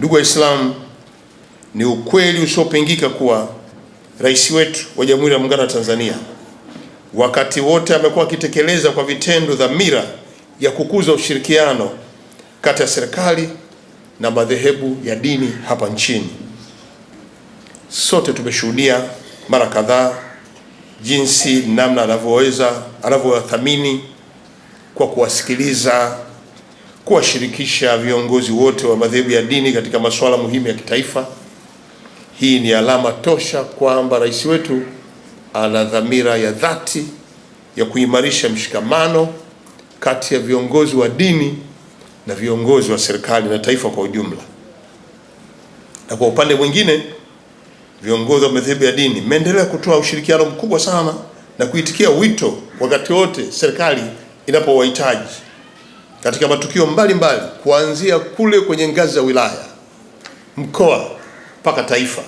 Ndugu Waislamu, ni ukweli usiopingika kuwa rais wetu wa Jamhuri ya Muungano wa Tanzania wakati wote amekuwa akitekeleza kwa vitendo dhamira ya kukuza ushirikiano kati ya serikali na madhehebu ya dini hapa nchini. Sote tumeshuhudia mara kadhaa jinsi namna anavyoweza anavyowathamini kwa kuwasikiliza kuwashirikisha viongozi wote wa madhehebu ya dini katika masuala muhimu ya kitaifa. Hii ni alama tosha kwamba rais wetu ana dhamira ya dhati ya kuimarisha mshikamano kati ya viongozi wa dini na viongozi wa serikali na taifa kwa ujumla. Na kwa upande mwingine, viongozi wa madhehebu ya dini mmeendelea kutoa ushirikiano mkubwa sana na kuitikia wito wakati wote serikali inapowahitaji katika matukio mbalimbali mbali, kuanzia kule kwenye ngazi za wilaya, mkoa mpaka taifa.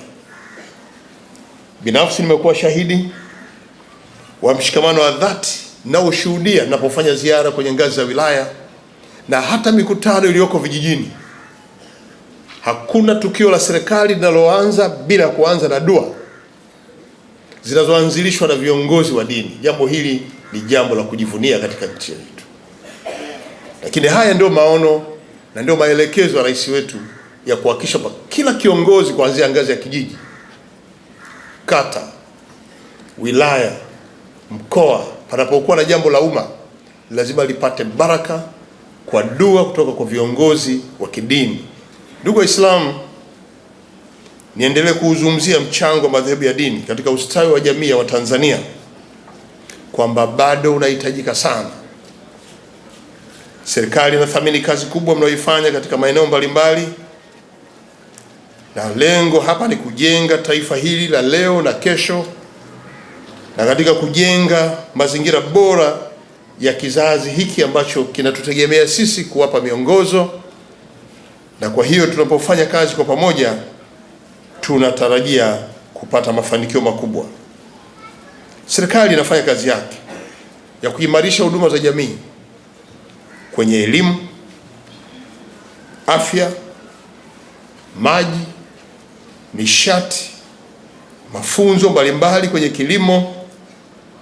Binafsi nimekuwa shahidi wa mshikamano wa dhati na ushuhudia ninapofanya ziara kwenye ngazi za wilaya na hata mikutano iliyoko vijijini. Hakuna tukio la serikali linaloanza bila kuanza na dua zinazoanzilishwa na viongozi wa dini. Jambo hili ni jambo la kujivunia katika nchi yetu. Lakini haya ndio maono na ndio maelekezo ya rais wetu ya kuhakikisha kila kiongozi kuanzia ngazi ya kijiji, kata, wilaya, mkoa, panapokuwa na jambo la umma lazima lipate baraka kwa dua kutoka kwa viongozi wa kidini. Ndugu Waislamu, niendelee kuuzungumzia mchango wa madhehebu ya dini katika ustawi wa jamii ya Watanzania kwamba bado unahitajika sana. Serikali inathamini kazi kubwa mnayoifanya katika maeneo mbalimbali, na lengo hapa ni kujenga taifa hili la leo na kesho, na katika kujenga mazingira bora ya kizazi hiki ambacho kinatutegemea sisi kuwapa miongozo. Na kwa hiyo tunapofanya kazi kwa pamoja, tunatarajia kupata mafanikio makubwa. Serikali inafanya kazi yake ya kuimarisha huduma za jamii kwenye elimu, afya, maji, nishati, mafunzo mbalimbali kwenye kilimo,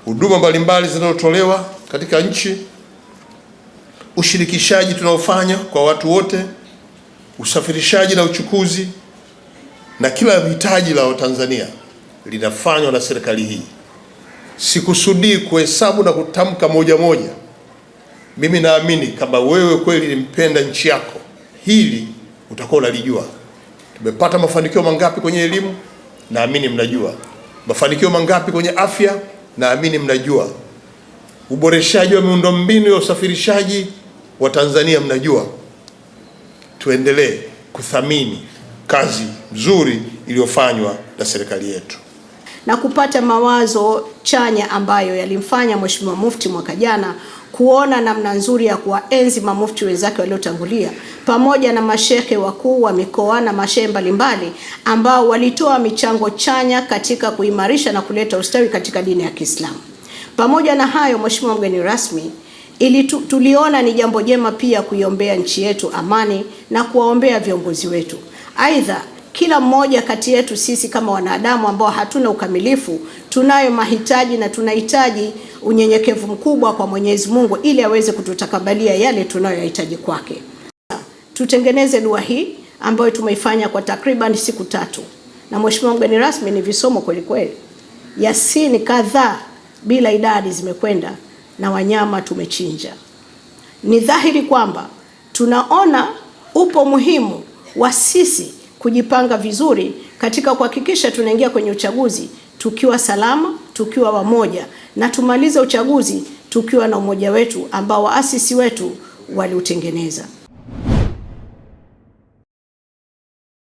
huduma mbalimbali zinazotolewa katika nchi, ushirikishaji tunaofanya kwa watu wote, usafirishaji na uchukuzi, na kila hitaji la Watanzania linafanywa na serikali hii. Sikusudii kuhesabu na kutamka moja moja mimi naamini kama wewe kweli nimpenda nchi yako, hili utakuwa unalijua. Tumepata mafanikio mangapi kwenye elimu? Naamini mnajua. Mafanikio mangapi kwenye afya? Naamini mnajua. Uboreshaji wa miundombinu ya usafirishaji wa Tanzania mnajua. Tuendelee kuthamini kazi nzuri iliyofanywa na serikali yetu na kupata mawazo chanya ambayo yalimfanya Mheshimiwa Mufti mwaka jana kuona namna nzuri ya kuwaenzi mamufti wenzake waliotangulia pamoja na mashehe wakuu wa mikoa na mashehe mbalimbali ambao walitoa michango chanya katika kuimarisha na kuleta ustawi katika dini ya Kiislamu. Pamoja na hayo, Mheshimiwa mgeni rasmi, ili tuliona ni jambo jema pia kuiombea nchi yetu amani na kuwaombea viongozi wetu. Aidha, kila mmoja kati yetu sisi kama wanadamu ambao hatuna ukamilifu, tunayo mahitaji na tunahitaji unyenyekevu mkubwa kwa Mwenyezi Mungu ili aweze kututakabalia yale tunayoyahitaji kwake. Tutengeneze dua hii ambayo tumeifanya kwa takriban siku tatu, na mheshimiwa mgeni rasmi, ni visomo kweli kweli, Yasini kadhaa bila idadi zimekwenda na wanyama tumechinja. Ni dhahiri kwamba tunaona upo muhimu wa sisi kujipanga vizuri katika kuhakikisha tunaingia kwenye uchaguzi tukiwa salama, tukiwa wamoja na tumalize uchaguzi tukiwa na umoja wetu ambao waasisi wetu waliutengeneza.